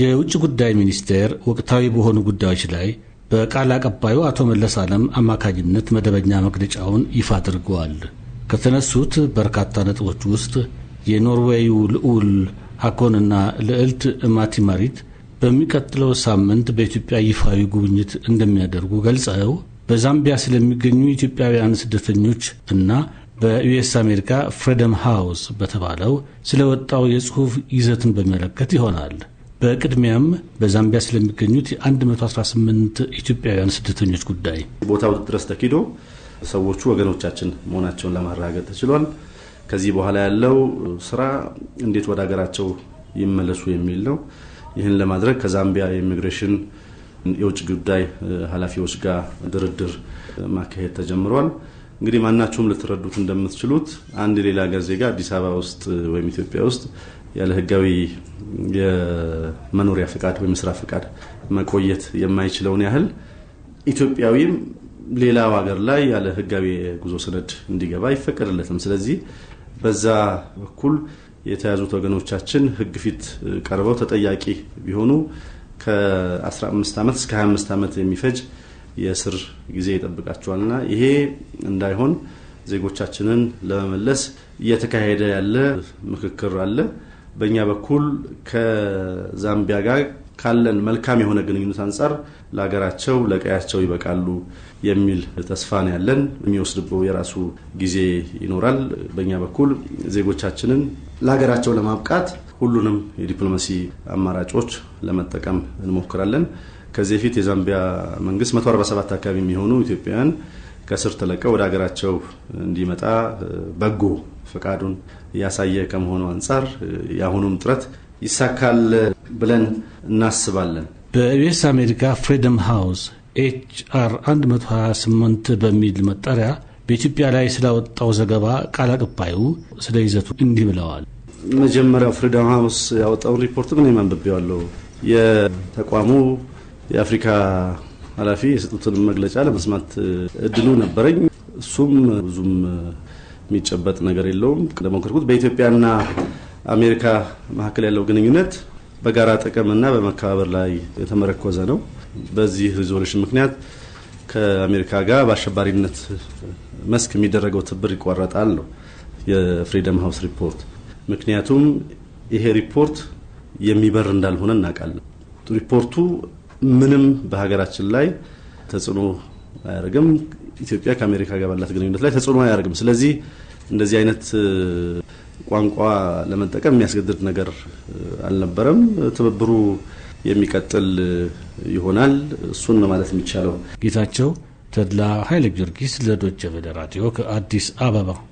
የውጭ ጉዳይ ሚኒስቴር ወቅታዊ በሆኑ ጉዳዮች ላይ በቃል አቀባዩ አቶ መለስ ዓለም አማካኝነት መደበኛ መግለጫውን ይፋ አድርገዋል። ከተነሱት በርካታ ነጥቦች ውስጥ የኖርዌዩ ልዑል ሀኮንና ልዕልት ማቲማሪት በሚቀጥለው ሳምንት በኢትዮጵያ ይፋዊ ጉብኝት እንደሚያደርጉ ገልጸው በዛምቢያ ስለሚገኙ ኢትዮጵያውያን ስደተኞች እና በዩኤስ አሜሪካ ፍሪደም ሃውስ በተባለው ስለወጣው የጽሑፍ ይዘትን በሚመለከት ይሆናል። በቅድሚያም በዛምቢያ ስለሚገኙት የ118 ኢትዮጵያውያን ስደተኞች ጉዳይ ቦታው ድረስ ተኪዶ ሰዎቹ ወገኖቻችን መሆናቸውን ለማረጋገጥ ተችሏል። ከዚህ በኋላ ያለው ስራ እንዴት ወደ ሀገራቸው ይመለሱ የሚል ነው። ይህን ለማድረግ ከዛምቢያ የኢሚግሬሽን የውጭ ጉዳይ ኃላፊዎች ጋር ድርድር ማካሄድ ተጀምሯል። እንግዲህ ማናቸውም ልትረዱት እንደምትችሉት አንድ ሌላ ሀገር ዜጋ አዲስ አበባ ውስጥ ወይም ኢትዮጵያ ውስጥ ያለ ህጋዊ የመኖሪያ ፍቃድ ወይም ስራ ፍቃድ መቆየት የማይችለውን ያህል ኢትዮጵያዊም ሌላው ሀገር ላይ ያለ ህጋዊ የጉዞ ሰነድ እንዲገባ አይፈቀድለትም። ስለዚህ በዛ በኩል የተያዙት ወገኖቻችን ህግ ፊት ቀርበው ተጠያቂ ቢሆኑ ከ15 ዓመት እስከ 25 ዓመት የሚፈጅ የስር ጊዜ ይጠብቃቸዋልና ይሄ እንዳይሆን ዜጎቻችንን ለመመለስ እየተካሄደ ያለ ምክክር አለ። በእኛ በኩል ከዛምቢያ ጋር ካለን መልካም የሆነ ግንኙነት አንጻር ለሀገራቸው ለቀያቸው ይበቃሉ የሚል ተስፋ ነው ያለን። የሚወስድበው የራሱ ጊዜ ይኖራል። በእኛ በኩል ዜጎቻችንን ለሀገራቸው ለማብቃት ሁሉንም የዲፕሎማሲ አማራጮች ለመጠቀም እንሞክራለን። ከዚህ በፊት የዛምቢያ መንግስት 147 አካባቢ የሚሆኑ ኢትዮጵያውያን ከስር ተለቀው ወደ ሀገራቸው እንዲመጣ በጎ ፈቃዱን እያሳየ ከመሆኑ አንጻር የአሁኑም ጥረት ይሳካል ብለን እናስባለን። በዩኤስ አሜሪካ ፍሪደም ሃውስ ኤችአር 128 በሚል መጠሪያ በኢትዮጵያ ላይ ስላወጣው ዘገባ ቃል አቀባዩ ስለ ይዘቱ እንዲህ ብለዋል። መጀመሪያው ፍሪደም ሃውስ ያወጣውን ሪፖርት ምን የማንበብ ያለው የተቋሙ የአፍሪካ ኃላፊ የሰጡትን መግለጫ ለመስማት እድሉ ነበረኝ። እሱም ብዙም የሚጨበጥ ነገር የለውም። እንደሞከርኩት በኢትዮጵያና አሜሪካ መካከል ያለው ግንኙነት በጋራ ጥቅምና በመከባበር ላይ የተመረኮዘ ነው። በዚህ ሪዞሉሽን ምክንያት ከአሜሪካ ጋር በአሸባሪነት መስክ የሚደረገው ትብር ይቋረጣል ነው የፍሪደም ሀውስ ሪፖርት። ምክንያቱም ይሄ ሪፖርት የሚበር እንዳልሆነ እናውቃለን። ሪፖርቱ ምንም በሀገራችን ላይ ተጽዕኖ አያደርግም። ኢትዮጵያ ከአሜሪካ ጋር ባላት ግንኙነት ላይ ተጽዕኖ አያደርግም። ስለዚህ እንደዚህ አይነት ቋንቋ ለመጠቀም የሚያስገድድ ነገር አልነበረም። ትብብሩ የሚቀጥል ይሆናል። እሱን ነው ማለት የሚቻለው። ጌታቸው ተድላ ኃይለ ጊዮርጊስ ለዶቸ ቬለ ራዲዮ ከአዲስ አበባ